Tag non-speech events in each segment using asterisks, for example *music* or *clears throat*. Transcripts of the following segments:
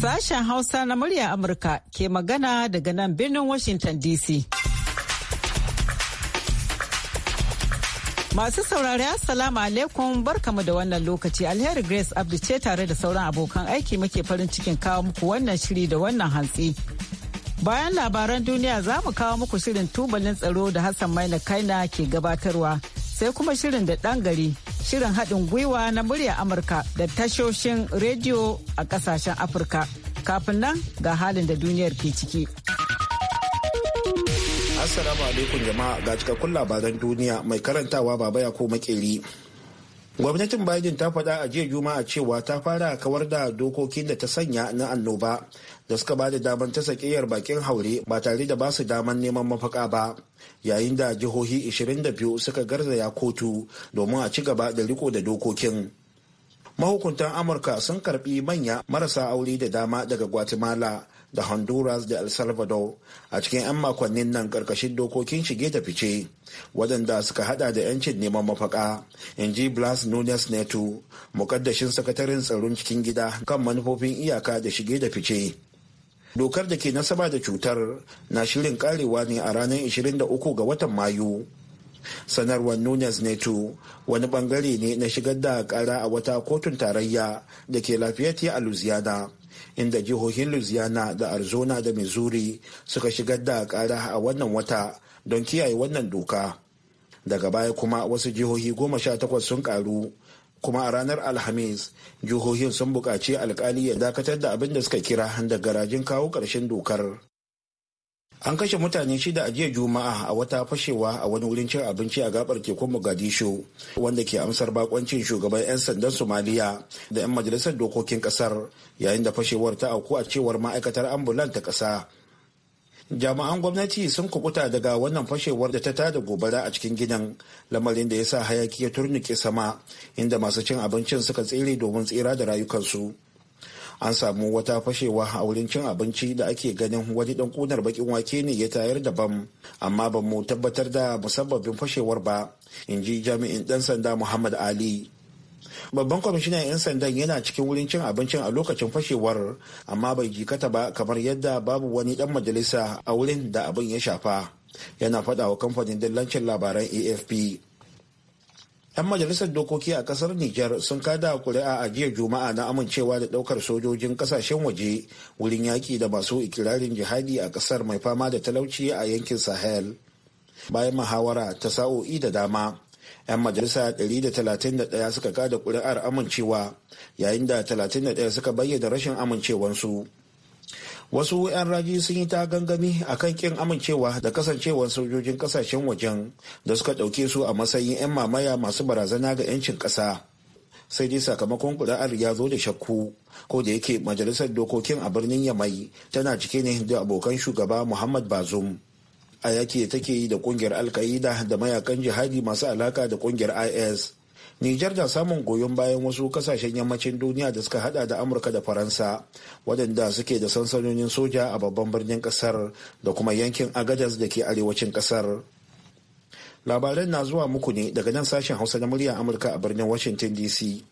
Sashen Hausa na murya Amurka ke magana daga nan birnin Washington DC. Masu saurari Assalamu alaikum barkamu da wannan lokaci alheri Grace Abdu ce tare da sauran abokan aiki muke farin cikin kawo muku wannan shiri da wannan hantsi. Bayan labaran duniya za mu kawo muku shirin tubalin tsaro da Hassan Maina Kaina ke gabatarwa sai kuma shirin da ɗan gari shirin haɗin gwiwa na murya Amurka da tashoshin rediyo a ƙasashen Afirka. Kafin nan ga halin da duniyar ke ciki. Assalamu alaikum jama'a ga cikakkun labaran duniya mai karantawa baba ya ko makeri. gwamnatin biden ta faɗa a jiya juma'a cewa ta fara kawar da dokokin da ta sanya na annoba da suka ba da daman ta sakiyar bakin haure ba tare da ba su daman neman mafaka ba yayin da jihohi 22 suka garzaya kotu domin a ci gaba da riko da dokokin mahukuntan amurka sun karbi manya marasa aure da dama daga guatemala da honduras da el salvador a cikin 'yan makonnin nan karkashin dokokin shige da fice waɗanda suka hada da 'yancin neman mafaka in ji blas nunes neto mukaddashin sakataren tsaron cikin gida kan manufofin iyaka da shige da fice dokar da ke nasaba da cutar na shirin karewa ne a ranar 23 ga watan mayu sanarwar nunes neto wani bangare ne na shigar da kara a wata kotun tarayya da ke lafiyati a louisiana inda jihohin louisiana da arizona da missouri suka shigar da kara a wannan wata don kiyaye wannan doka daga baya kuma wasu jihohi goma sha takwas sun karu kuma a ranar alhamis jihohin sun buƙaci alkali ya dakatar da abin da suka kira da garajin kawo ƙarshen dokar an kashe mutane shida a jiya juma'a a wata fashewa a wani wurin cin abinci a gabar tekun mogadishu wanda ke amsar bakoncin shugaban 'yan sandan somaliya da 'yan majalisar dokokin kasar yayin da fashewar ta auku a cewar ma'aikatar ambulan ta kasa jami'an gwamnati sun kukuta daga wannan fashewar da ta tada gobara a cikin gidan lamarin da ya sa hayaki ya turnike sama inda masu cin abincin suka tsere domin tsira da rayukansu an samu wata fashewa a wurin cin abinci da ake ganin wani dan kunar bakin wake ne ya tayar da bam amma ba mu tabbatar da musabbabin fashewar ba in ji jami'in dan sanda muhammad ali babban kwamishinan 'yan sandan yana cikin wurin cin abincin a lokacin fashewar amma bai jikata ba kamar yadda babu wani dan majalisa a wurin da abin ya shafa yana faɗawa wa kamfanin dillancin labaran afp 'Yan majalisar dokoki a kasar Nijar sun kada kuri'a a jiya Juma'a na amincewa da daukar sojojin kasashen waje wurin yaki da masu ikirarin jihadi a kasar mai fama da talauci a yankin Sahel. Bayan muhawara ta sa'o'i da dama, 'yan majalisa 131 suka kada kuri'ar amincewa yayin da 31 suka bayyana rashin amincewansu. wasu 'yan raji sun yi ta gangami a kan kin amincewa da kasancewar sojojin kasashen wajen da suka ɗauke su a matsayin 'yan mamaya masu barazana ga 'yancin ƙasa sai dai sakamakon kuri'ar ya zo da shakku ko da yake majalisar dokokin a birnin yamai tana cike ne da abokan shugaba muhammad bazum a yaki take yi da kungiyar alka'ida da mayakan jihadi masu alaka da kungiyar is Nijar na samun goyon bayan wasu kasashen yammacin duniya da suka hada da Amurka da Faransa, waɗanda suke da sansanonin soja a babban birnin ƙasar da kuma yankin Agadas da ke arewacin ƙasar. Labaran na zuwa muku ne daga nan sashen Hausa na murya Amurka a birnin Washington DC.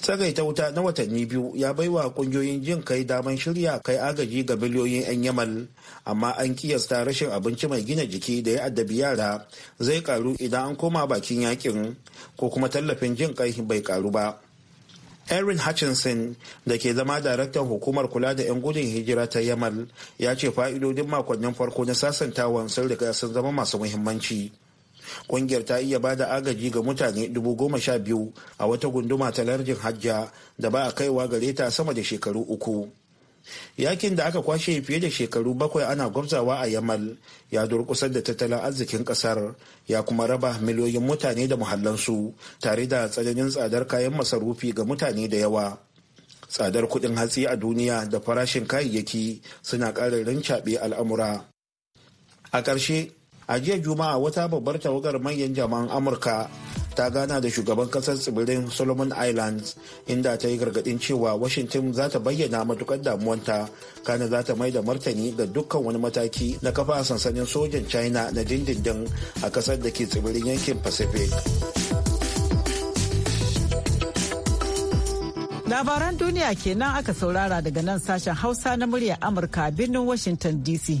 tsagaita wuta na watanni biyu ya baiwa kungiyoyin jin kai daman shirya kai agaji ga miliyoyin 'yan yamal amma an kiyasta rashin abinci mai gina jiki da ya addabi yara zai karu idan an koma bakin yakin ko kuma tallafin jin kai bai karu ba erin hutchinson da ke zama daraktan hukumar kula da 'yan gudun hijira ta yamal ya ce fa'idodin makonnin farko na sasantawan sun riga sun zama masu muhimmanci Ƙungiyar ta iya ba da agaji ga mutane dubu goma sha biyu a wata gunduma ta Larjin hajja da ba a kaiwa gare ta sama da shekaru uku. Yakin da aka kwashe fiye da shekaru bakwai ana gwabzawa a Yamal ya durƙusar da tattalin arzikin kasar ya kuma raba miliyoyin mutane da muhallansu tare da tsananin tsadar kayan masarufi ga mutane da yawa. Tsadar kuɗin hatsi a duniya da farashin kayayyaki suna ƙara rincaɓe al'amura. A ƙarshe, a jiya juma'a wata babbar tawagar manyan jama'an amurka ta gana da shugaban kasar tsibirin solomon islands inda ta yi gargadin cewa washington za ta bayyana matukar damuwanta kana za ta mai da martani ga dukkan wani mataki na kafa sansanin sojan china na dindindin a kasar da ke tsibirin yankin pacific labaran duniya kenan aka saurara daga nan sashen hausa na murya amurka birnin washington dc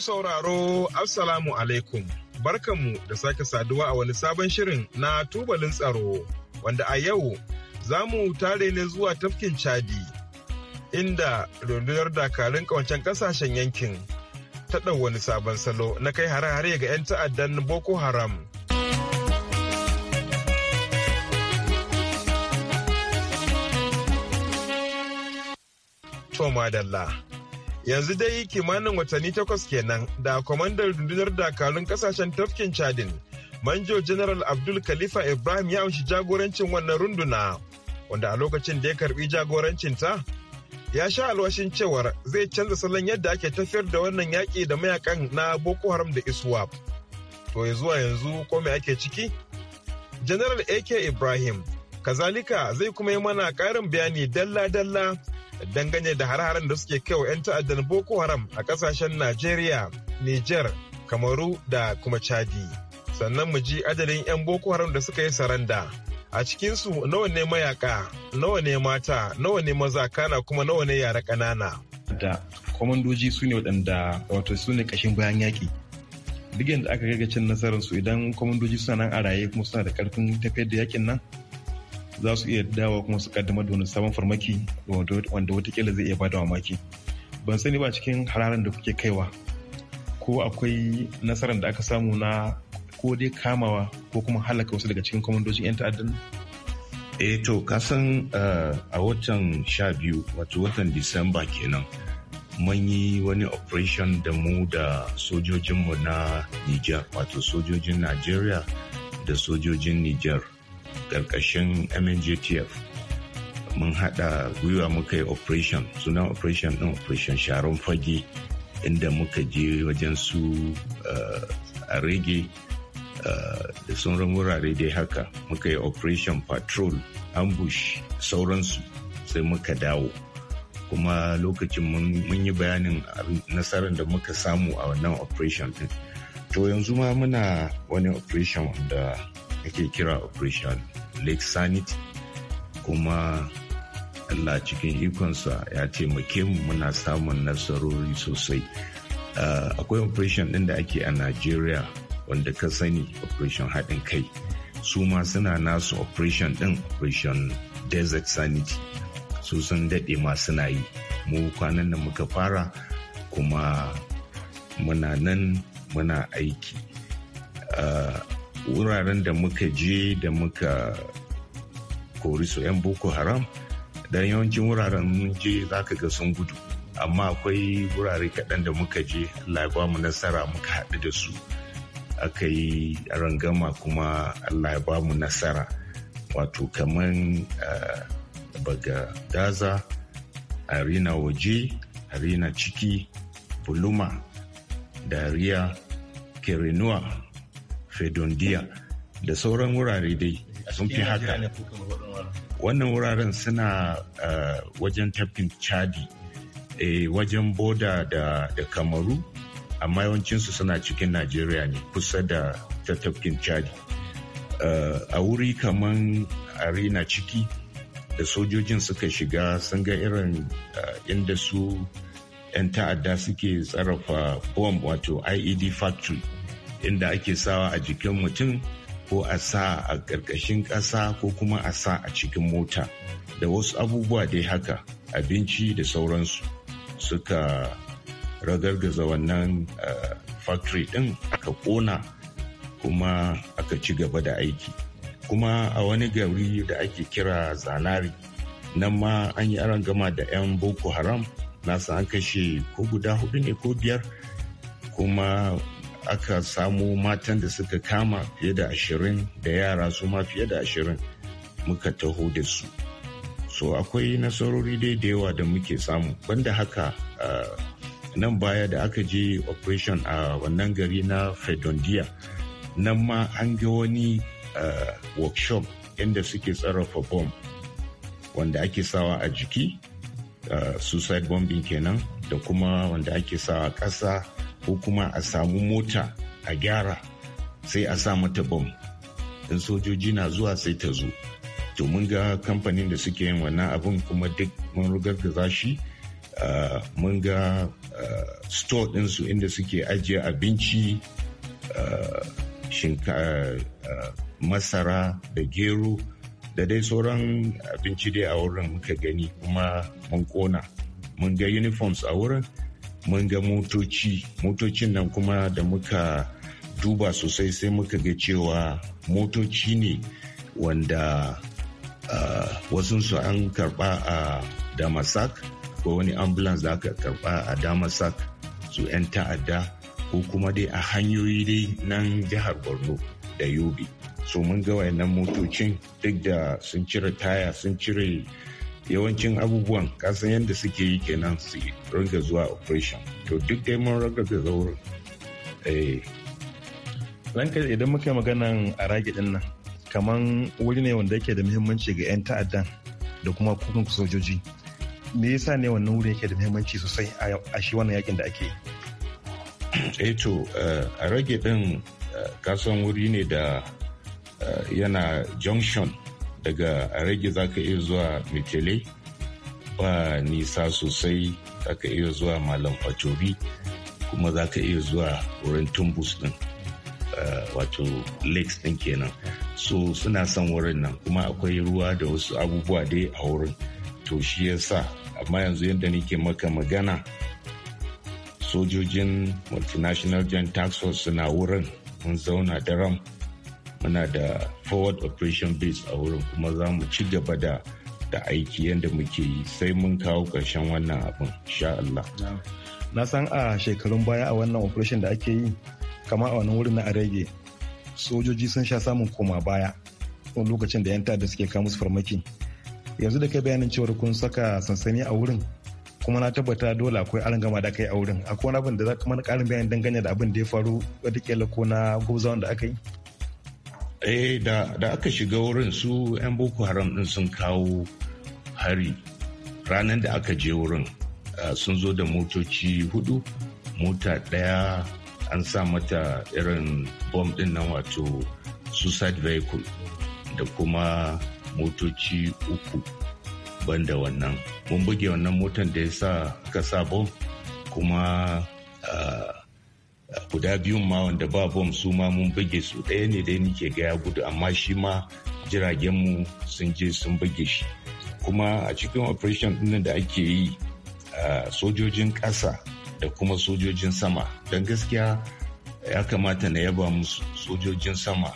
sauraro, Assalamu alaikum. Barkanmu da sake saduwa a wani sabon shirin na tubalin tsaro, wanda a yau za mu tare ne zuwa tafkin Chadi, inda rundunar dakarun kawancen ƙasashen yankin ta ɗau wani sabon salo na kai hare-hare ga 'yan ta'addan Boko Haram. Toma Dalla. yanzu dai kimanin watanni takwas kenan da kwamandan rundunar dakarun kasashen tafkin chadin manjo general abdul khalifa ibrahim ya amshi jagorancin wannan runduna wanda a lokacin da ya karbi ta ya sha alwashin cewar zai canza salon yadda ake tafiyar da wannan yaƙi da mayakan na boko haram da iswap to ya zuwa yanzu ko me ake ciki general ak ibrahim kazalika zai kuma yi mana ƙarin bayani dalla-dalla dangane da har-haren da suke kai wa 'yan ta'addan Boko Haram a kasashen Najeriya, Nijar, Kamaru da kuma Chadi. Sannan mu ji adadin 'yan Boko Haram da suka yi saranda. A cikinsu nawa ne mayaka, nawa ne mata, nawa ne maza kana kuma nawa ne yara ƙanana. Da kwamandoji su ne waɗanda wato su ne ƙashin bayan yaƙi. Duk yadda aka gaga cin nasararsu idan kwamandoji suna nan a raye kuma suna da ƙarfin tafiyar da yaƙin nan, za su iya dawo kuma su kaddamar da wani sabon farmaki wanda watakila zai iya bada mamaki ban sani ba cikin hararen da kuke kaiwa ko akwai nasarar da aka samu na ko dai kamawa ko kuma halaka wasu daga cikin kwamandojin 'yan ta'addan eh to kasan eh, a watan sha biyu wato watan disamba kenan mun yi wani operation da mu da sojojinmu na niger wato sojojin nigeria da sojojin niger ƙarƙashin mngtf mun haɗa gwiwa muka yi operation sunan operation ɗin operation sharon fage inda muka je wajen su eh, a rage eh, da sauran wurare dai haka muka yi operation patrol ambush sauransu sai muka dawo kuma lokacin mun yi bayanin nasarar da muka samu a wannan operation ɗin to yanzu ma muna wani operation wanda ake kira operation lake sanity kuma allah cikin ikonsa ya taimake mu muna samun nasarori sosai ah, akwai operation ɗin da ake a nigeria wanda ka sani operation haɗin kai su ma suna nasu operation ɗin operation desert sanity su sun daɗe ma suna yi mu kwanan da muka fara kuma muna nan muna aiki ah, wuraren da muka je da muka kori su 'yan boko haram don yawancin wuraren mun je za ka ga sun gudu amma akwai wurare kaɗan da muka je Allah ya mu nasara muka haɗu da su aka yi rangama kuma Allah ya mu nasara wato kaman eh, baga gaza arena waje arena ciki buluma dariya kerenuwa fredondia da sauran wurare dai sun fi haka wannan wuraren suna eh, wajen tafkin chadi eh, wajen boda da kamaru amma yawancinsu suna cikin najeriya ne kusa da ta tafkin chadi eh, a wuri kaman arena ciki da sojojin suka shiga sun ga irin inda su 'yan ta'adda suke tsarafa bomb wato ied factory inda ake sawa a jikin mutum ko a sa a ƙarƙashin ƙasa ko kuma a sa a cikin mota da wasu abubuwa dai haka abinci da sauransu suka ragargaza wannan eh, factory ɗin aka ƙona kuma aka ci gaba da aiki kuma a wani gari da ake kira zanari nan ma an yi aron gama da 'yan boko haram nasa an kashe ko guda hudu ne ko biyar kuma aka samu matan da suka kama fiye da ashirin da yara su ma fiye da ashirin muka taho da su so akwai nasarori dai da yawa da muke samu banda haka nan baya da aka je operation a wannan gari na Fedondia nan ma an ga wani workshop inda suke tsarafa bomb wanda ake sawa a jiki suicide bombing kenan da kuma wanda ake sawa ƙasa ko kuma a samu mota a gyara sai a sa mata bom in sojoji na zuwa sai ta zo to mun ga kamfanin da suke yin wannan abin kuma duk mun rugar da ah, mun ga ah, store ɗinsu inda suke ajiye abinci ah, masara da gero da dai sauran abinci dai a wurin muka gani kuma mun kona mun ga uniforms a wurin mun ga motoci motocin nan kuma da muka duba sosai sai muka ga cewa motoci ne wanda uh, wasunsu an karba a damasak ko wani ambulance da aka karba a damasak su 'yan ta'adda ko kuma dai a hanyoyi dai nan jihar borno da yobe so mun ga wayannan motocin duk da sun cire taya sun cire yawancin abubuwan kasan yadda suke yi kenan su ringa zuwa operation to duk dai mun raga da zaurin eh. ranka idan muka maganan a rage din nan kaman wuri ne wanda yake da muhimmanci ga 'yan ta'addan da kuma kuka sojoji me yasa ne wannan wuri yake da muhimmanci sosai a shi wannan yakin da ake yi *clears throat* eh to eh, a rage din kasan wuri ne da yana junction daga rage za ka iya zuwa mitele ba nisa sosai za ka iya zuwa malam facobi kuma za ka iya zuwa wurin tumbus din eh, wato lakes din kenan so suna son wurin nan kuma akwai ruwa da wasu abubuwa dai a wurin to shi ya sa amma yanzu yadda nake maka magana sojojin multinational joint tax force suna wurin mun zauna daram muna da forward operation base a wurin kuma za mu ci gaba da da aiki yadda muke yi sai mun kawo ƙarshen wannan abin sha Allah. Na san a shekarun baya a wannan operation da ake yi kama a wannan wurin na Arege sojoji sun sha samun koma baya wani lokacin da 'yan ta'adda suke kawo musu farmaki. Yanzu da kai bayanin cewar kun saka sansani a wurin kuma na tabbata dole akwai aron gama da aka a wurin akwai wani abin da za ka mana karin bayanin dangane da abin da ya faru wata ko na gwabzawan da aka yi. eh da aka shiga wurin su 'yan boko haram din sun kawo hari ranar da aka je wurin sun zo da motoci hudu mota daya an sa mata irin bom din nan wato suicide vehicle da kuma motoci uku banda wannan mun buge wannan motan da ya sa ka sa bom kuma uh, guda biyun ma wanda ba bom su ma mun buge su ɗaya ne dai nike ga ya gudu amma shi ma jiragenmu sun je sun buge shi kuma a cikin operation ɗin da ake yi sojojin ƙasa da kuma sojojin sama don gaskiya ya kamata na yaba musu sojojin sama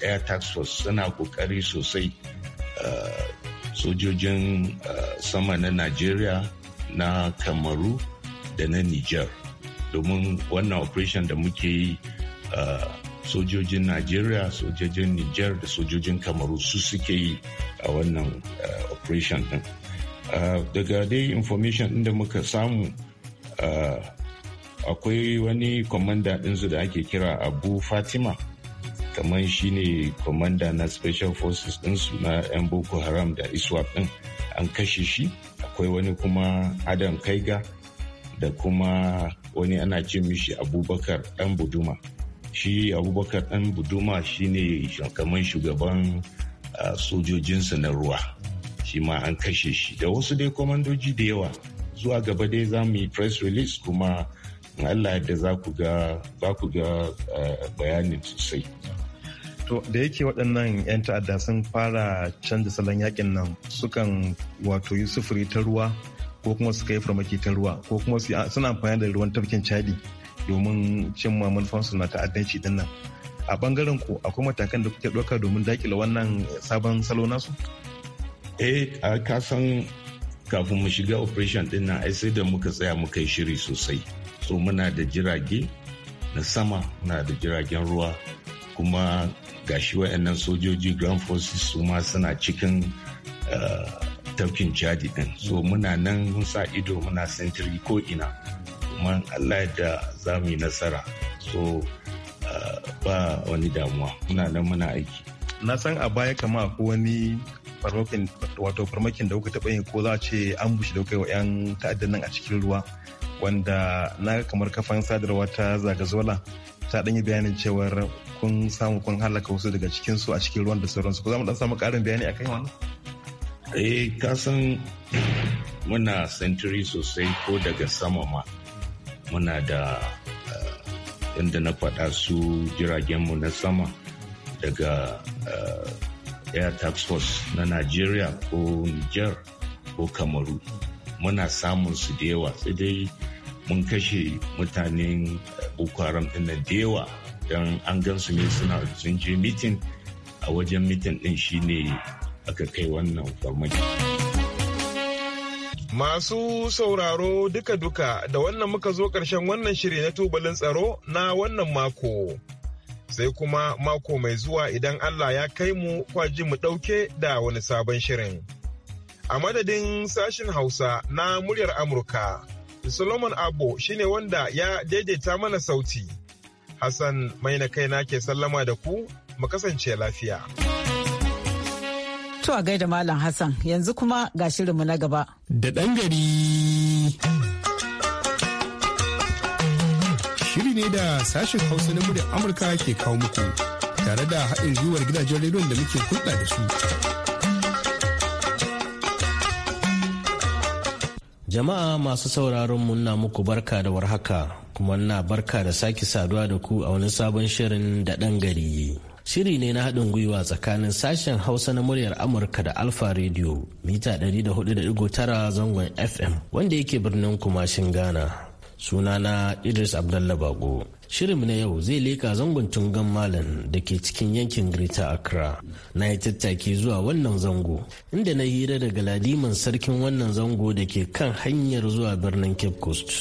ɗaya tax force suna ƙoƙari sosai sojojin sama na nigeria na kamaru da na niger domin wannan operation da muke yi sojojin Najeriya, sojojin Niger da sojojin Kamaru su suke yi a wannan operation din. Daga dai information din da muka samu akwai wani kwamanda ɗinsu da ake kira Abu Fatima, kamar shi ne kwamanda na Special Forces ɗinsu na 'yan Boko Haram da ISWAP din. an kashe shi, akwai wani kuma Adam Kaiga da kuma wani ana ce mishi abubakar dan buduma shi abubakar dan buduma shi ne kamar shugaban sojojinsa na ruwa shi ma an kashe shi da wasu dai kwamandoji da yawa zuwa gaba dai za mu yi press release kuma Allah da za ku ga ba ku ga bayanin sosai. To da yake waɗannan 'yan ta'adda sun fara canza salon yakin nan sukan wato yi sufuri ta ruwa ko kuma su kai farmaki ta ruwa ko kuma suna amfani da ruwan tafkin chadi domin cimma manufansu na ta'addanci din nan a bangaren ku akwai matakan da kuke ɗauka domin dakile wannan sabon salo nasu eh ka san kafin mu shiga operation din nan ai sai da muka tsaya muka yi shiri sosai so muna da jirage na sama muna da jiragen ruwa kuma gashi wa'annan sojoji ground forces su ma suna cikin eh, tafkin jadi din so muna nan mun sa ido muna sintiri ko ina man allah da za mu yi nasara so ah, ba wani damuwa muna nan muna aiki na san a baya kama ko wani farmakin wato farmakin da kuka taɓa yin ko za a ce an bushe da kai wa 'yan ta'addan nan a cikin ruwa wanda na kamar kafan sadarwa ta zagazola ta ɗanyi bayanin cewar kun samu kun halaka wasu daga su a cikin ruwan da sauransu ko za mu ɗan samu ƙarin bayani akan wannan eh kasan muna century sosai ko daga sama ma muna da inda eh, na faɗa su jiragenmu na sama daga eh, air tax force na nigeria ko niger ko kamaru muna samun su da yawa sai dai mun kashe mutanen eh, boko na da yawa don an gan su ne suna sun je mitin a wajen mitin din shine aka kai wannan farmaki. Masu sauraro duka-duka da wannan muka zo ƙarshen wannan shiri na tubalin tsaro na wannan mako. Sai kuma mako mai zuwa idan Allah ya kai mu kwaji mu ɗauke da wani sabon shirin. A madadin sashin Hausa na muryar Amurka, Solomon Abbo shine wanda ya daidaita mana sauti. Hassan mai na kaina ke sallama da ku, mu kasance lafiya. To a gaida Malam Hassan yanzu kuma ga shirinmu na gaba. Da ɗan gari. Shiri ne da sashen Hausa na muryar Amurka ke kawo muku tare da haɗin gwiwar gidajen rediyon da muke hulɗa da su. Jama'a masu sauraron muna muku barka da warhaka kuma na barka da sake saduwa da ku a wani sabon shirin da ɗan gari. shiri ne na haɗin gwiwa tsakanin sashen hausa na muryar amurka da alfa radio mita 104.9 zangon fm wanda yake birnin kumashin ghana sunana idris abdallah bago shirin na yau zai leka zangon tungan malam da ke cikin yankin greater accra na yi tattaki zuwa wannan zango inda na hira daga ladiman sarkin wannan zango da ke kan hanyar zuwa birnin cape coast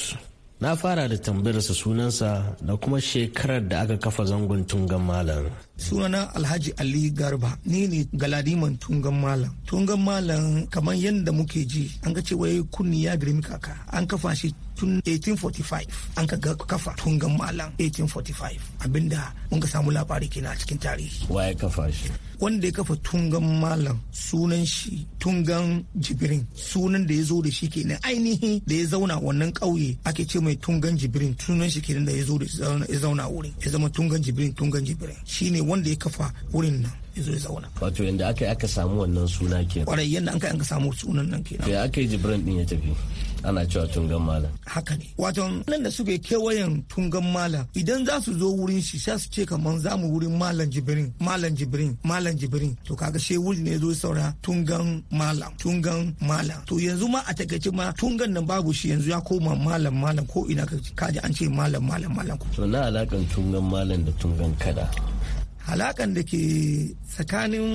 na fara da tambayarsa sunansa da kuma shekarar da aka kafa zangon tungan malam sunana alhaji ali garba ni ne galadiman tungan malam tungan malam kamar yadda muke ji an ga cewa kunni ya girmi kaka an kafa shi tun 1845 an ka kafa tungan malam 1845 abinda mun ka samu labari kenan a cikin tarihi waye kafa wanda ya kafa tungan malam sunan shi tungan jibirin sunan da ya zo da shi kenan ainihi da ya zauna wannan kauye ake ce mai tungan jibirin sunan shi kenan da ya zo da ya zauna wurin ya zama tungan jibirin tungan shi shine wanda ya kafa wurin nan Wato yadda aka yi aka samu wannan suna ke. Kwarai yadda an yi an samu sunan nan kenan. Ya aka yi jibirin din ya tafi. ana cewa tungan malam haka ne wato nan da suke kewayen tungan malam idan za su zo wurin shi sai su ce kaman za mu wurin malam jibrin malam jibirin malam jibrin to kaga she wuri ne zo saura tungan malam tungan malam to yanzu ma a takaice ma tungan nan babu shi yanzu ya koma malam malam ko ina kaji an ce malam malam malam to na alakan tungan malam da tungan kada alakan da ke tsakanin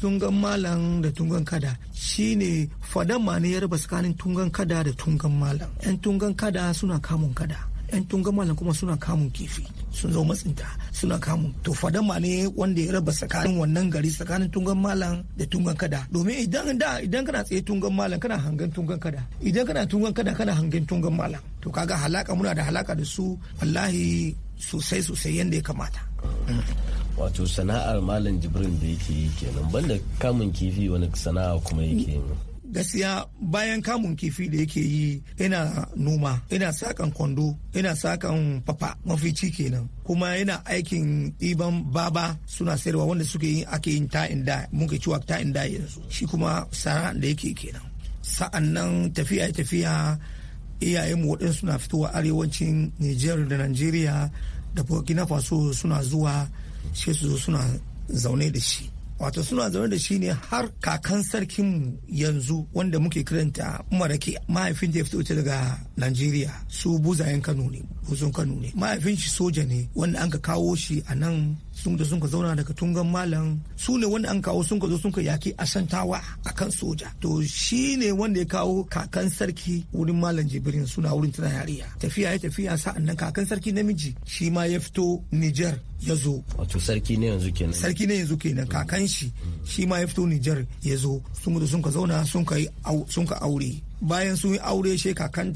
tungan malam da tungan kada shine fadan ya raba tsakanin tungan kada da tungan malam yan tungan kada suna kamun kada yan tungan malam kuma suna kamun kifi sun zo matsinta suna kamun to fadan ma ne wanda ya raba tsakanin wannan gari tsakanin tungan malam da tungan kada domin idan da idan kana tsaye tungan malam kana hangen tungan kada idan kana tungan kada kana hangen tungan malam to kaga halaka muna da halaka da su wallahi sosai sosai yanda ya kamata wato sana'ar malam jibrin da yake yi kenan banda kamun kifi wani sana'a kuma yake yi gaskiya bayan kamun kifi da yake yi ina noma ina sakan kwando ina sakan papa mafici kenan kuma yana aikin ɗiban baba suna sayarwa wanda suke yin ake yin ta'in da muke ciwa ta'in da yanzu shi kuma sana'a da yake kenan sa'an nan tafiya tafiya iyayenmu waɗansu na fitowa arewacin nijar da Nigeria da burkina faso suna zuwa Shi su suna zaune da shi wato suna zaune da shi ne har kakan sarkinmu yanzu wanda muke kiranta marake mahaifin da ya fito daga Najeriya su buzayen Kano ne buzon Kano ne mahaifin shi soja ne wanda an ka kawo shi a nan sun da sun ka zauna daga tungan malam su ne wanda an kawo sun ka zo sun ka yaki ashantawa a kan soja to shi ne wanda ya kawo kakan sarki wurin malam jibrin suna wurin tana yariya tafiya ya tafiya sa'an nan kakan sarki namiji shi ma ya fito niger ya zo wato sarki ne yanzu kenan sarki ne yanzu kenan kakan shi shi ma ya fito niger ya zo sun sun ka zauna sun ka aure bayan sun yi aure she kakan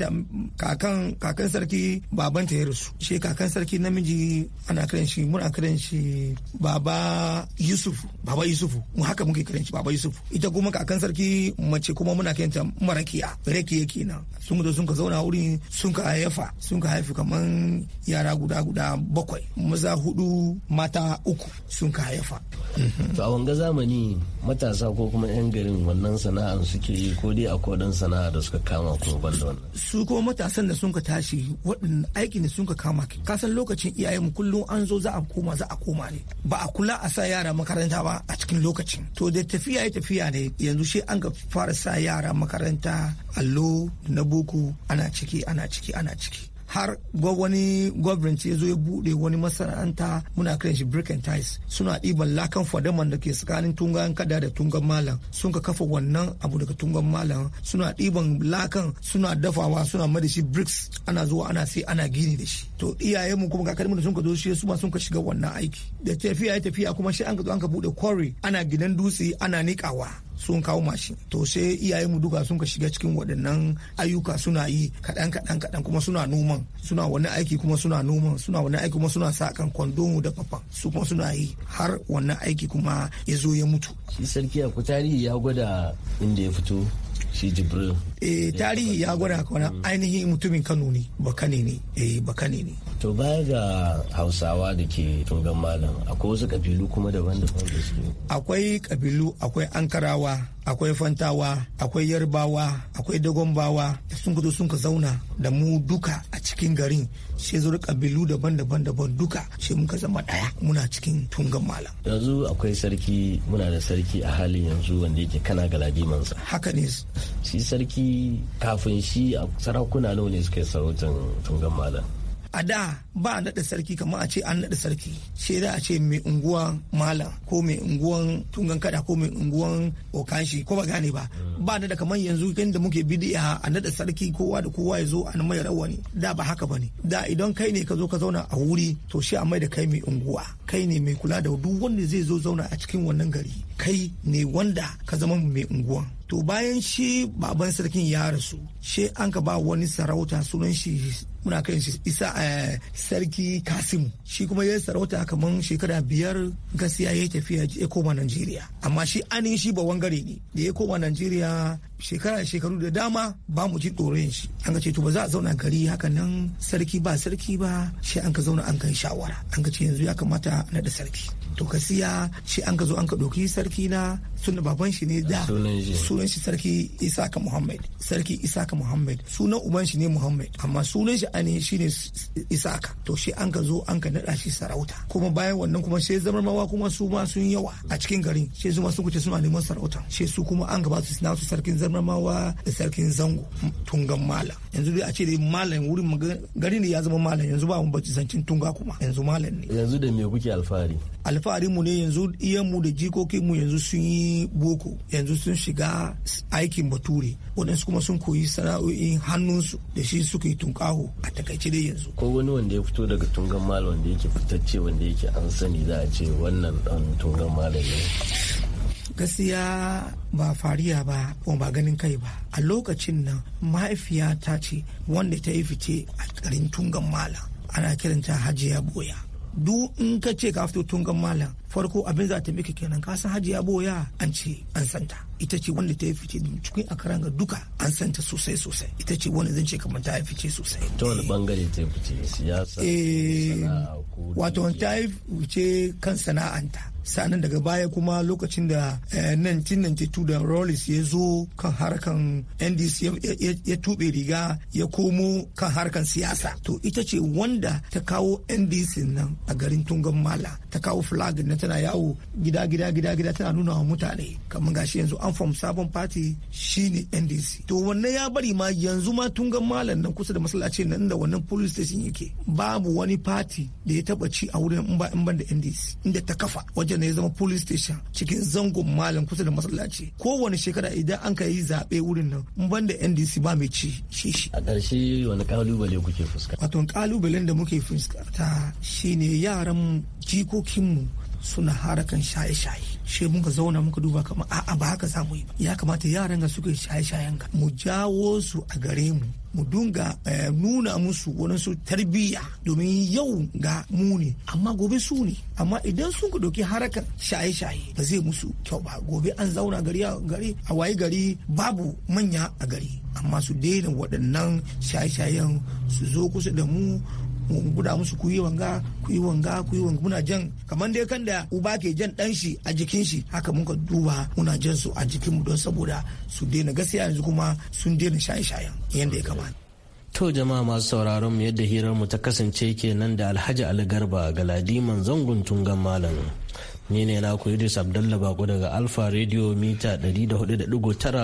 kakan sarki babanta ya rasu she kakan sarki namiji ana kiran shi muna kiran shi baba yusuf baba yusuf mu haka muke kiran shi baba yusuf ita kuma kakan sarki mace kuma muna ta marakiya rakiya kenan sun zo sun ka zauna wuri sun ka haifa sun ka haifi kaman yara guda guda bakwai maza hudu mata uku sun ka haifa to a wanga zamani matasa ko kuma yan garin wannan sana'ar suke yi ko dai a kodan sana'a da suka kama kuma ban da wannan su ko matasan da sun ka tashi waɗannan aikin da sun ka kama ka san lokacin iyayen kullum an zo za a koma za a koma ne ba a kula a sa yara makaranta ba a cikin lokacin to da tafiya ya tafiya ne yanzu shi an ga fara sa yara makaranta allo na boko ana ciki ana ciki ana ciki har wani gwamnati ya zo ya buɗe wani masana'anta muna kiran shi brick and ties suna ɗiban lakan fadaman da ke tsakanin tungan kada da tungan malam sun ka kafa wannan abu daga tungan malam suna ɗiban lakan suna dafawa suna mada shi bricks ana zuwa ana sai ana gini da shi to iyaye mu kuma kakanni da sun ka zo shi su ma sun ka shiga wannan aiki da tafiya ya tafiya kuma shi an ka zo an ka buɗe quarry ana gidan dutse ana niƙawa sun kawo mashin to sai mu duka sun ka shiga cikin waɗannan ayyuka suna yi kaɗan kaɗan kaɗan kuma suna noman suna wani aiki kuma suna noman suna wani aiki kuma suna sakan mu da fafa su kuma suna yi har wannan aiki kuma ya zo ya mutu shi sarki a tarihi ya gwada inda ya fito shi jibril eh tarihi ya gwada ka ainihin mutumin Kano ne bakane ne eh bakane ne to baya ga Hausawa da ke tungan malam akwai wasu kabilu kuma daban-daban da suke akwai kabilu akwai Ankarawa akwai Fantawa akwai Yarbawa akwai Dagombawa da sun gudu sun ka zauna da mu duka a cikin garin sai zo kabilu daban-daban daban duka sai muka zama daya muna cikin tungan malam yanzu akwai sarki muna da sarki a halin yanzu wanda yake kana galadimansa haka ne shi sarki kafin shi a sarakuna nawa ne suke sarautan tungan malam a da ba a naɗa sarki kamar a ce an naɗa sarki sai da a ce mai unguwan malam ko mai unguwan tungan kada ko mai unguwan okanshi ko ba gane ba hmm. ba naɗa kamar yanzu kan da muke bidiya a naɗa sarki kowa da kowa ya zo a mai rawani da ba haka ba ne. da idan kai ne ka zo ka zauna a wuri to shi a mai da kai mai unguwa kai ne mai kula da duk wanda zai zo zauna a cikin wannan gari kai ne wanda ka zama mai unguwan to bayan shi baban sarkin ya rasu shi an ka ba wani sarauta sunan shi muna kai shi isa eh, sarki kasim shi kuma ya sarauta kamar shekara biyar gaskiya ya tafiya ya koma najeriya amma shi anin shi ba wangare ne da ya koma najeriya shekara da shekaru da dama ba mu ji tsoron shi an ka ce to ba za a zauna gari haka nan sarki ba sarki ba shi an ka zauna an kai shawara an ka ce yanzu ya kamata na da sarki to siya shi an ka zo an ka ɗauki sarki na tunda baban shi ne da sunan shi sarki isaka muhammad sarki ka muhammad sunan uban shi ne muhammad amma sunan shi ainihin shi ne isaka to shi an ka zo an ka nada shi sarauta kuma bayan wannan kuma sai zamar mawa kuma su ma sun yawa a cikin garin sai su ma sun kuce suna neman sarauta shi su kuma an gaba su suna su sarkin zamar mawa da sarkin zango tungan mala yanzu dai a ce dai malam wurin gari ne ya zama malam yanzu ba mu bacci zancin tunga kuma yanzu malam ne yanzu da me kuke alfahari alfahari mu ne yanzu iyan mu da jikokin mu yanzu sun yi boko yanzu sun shiga aikin bature waɗansu kuma sun koyi sana'o'in hannunsu da shi suka yi tunkaho a takaice dai yanzu ko wani wanda ya fito daga tungan mal wanda yake fitacce wanda yake an sani za a ce wannan dan tungan malam ne gaskiya ba fariya ba kuma ba ganin kai ba a lokacin nan mahaifiya ta ce wanda ta yi fice a karin tungan malam ana kiranta hajiya boya duk in ka ce ka fito tungan malam farko abin za ta miki kenan ka san hajiya boya an ce an santa ita ce wanda ta yi fice cikin akaran ga duka an santa sosai sosai ita ce wanda zan ce kamar ta yi fice sosai ta wani bangare ta yi fice siyasa eh, wato ta yi fice kan sana'anta sanan daga baya kuma lokacin da 1992 eh, da Rolls ya zo kan harkan NDC ya tube riga ya komo kan harkan siyasa to ita ce wanda ta kawo NDC nan a garin Tungan Mala ta kawo flag na tana yawo gida gida gida gida tana nuna wa mutane kamar gashi yanzu an fam sabon party shine NDC to wanne ya bari ma yanzu ma tun ga malam nan kusa da masallacin nan da wannan police station yake babu wani party da ya taba ci a wurin in ba in ban da NDC inda ta kafa wajen ne ya zama police station cikin zangon malam kusa da masallaci kowane shekara idan an ka yi zaɓe wurin nan in ban da NDC ba mai ci shi shi a ƙarshe wani kalubale kuke fuskanta wato kalubalen da muke fuskanta shine yaran jikokinmu suna harakan shaye-shaye she muka zauna muka duba kamar a'a ba haka zamu yi ba ya kamata yaran ga suke shaye-shayen ga mu jawo su a gare mu mu dunga eh, nuna musu su tarbiyya domin yau ga mu ne amma gobe su ne amma idan sun ku doki harakan shaye-shaye ba zai musu kyau ba gobe an zauna gari a gari a waye gari babu manya a gari amma su daina waɗannan shaye-shayen su zo kusa da mu mu guda musu ku yi wanga ku yi wanga ku yi wanga muna jan kamar dai kan da uba ke jan dan shi a jikin shi haka muka duba muna jan su a jikin mu don saboda su daina gaskiya yanzu kuma sun daina shaye-shayen yanda ya kamata To jama'a masu sauraron mu yadda hirar mu ta kasance kenan da Alhaji Ali Garba Galadiman zangon tungan malam. Ni ne na ku Idris Abdullah Bako daga Alfa Radio mita 104.9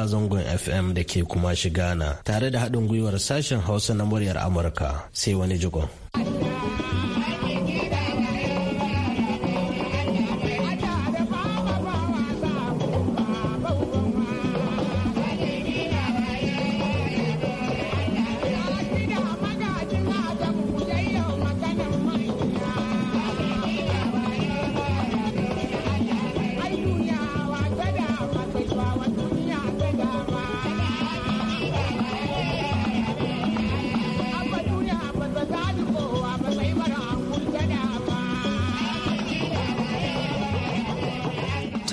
zangon FM da ke kuma shigana tare da haɗin gwiwar sashen Hausa na muryar Amurka sai wani jigon. Yeah.